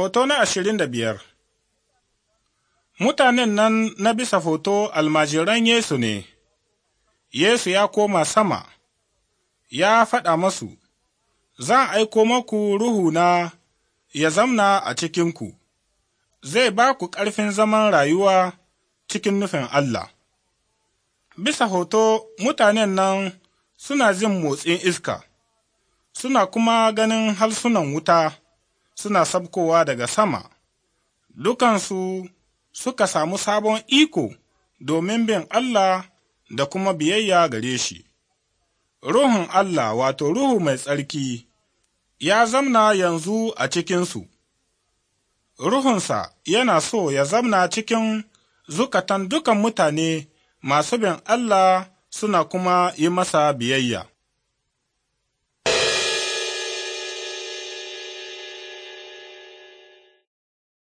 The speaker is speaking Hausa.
Hoto na ashirin da biyar Mutanen nan na bisa hoto almajiran Yesu ne, Yesu ya koma sama, ya faɗa masu, Zan aiko maku ruhuna ya zamna a cikinku, zai ba ku ƙarfin zaman rayuwa cikin nufin Allah. Bisa hoto mutanen nan suna jin motsin iska, suna kuma ganin halsunan wuta. suna sabkowa daga sama, dukansu suka samu sabon iko domin bin Allah da kuma biyayya gare shi. Ruhun Allah wato Ruhu mai tsarki ya zamna yanzu a cikinsu, Ruhunsa yana so ya zamna cikin zukatan dukan mutane masu bin Allah suna kuma yi masa biyayya.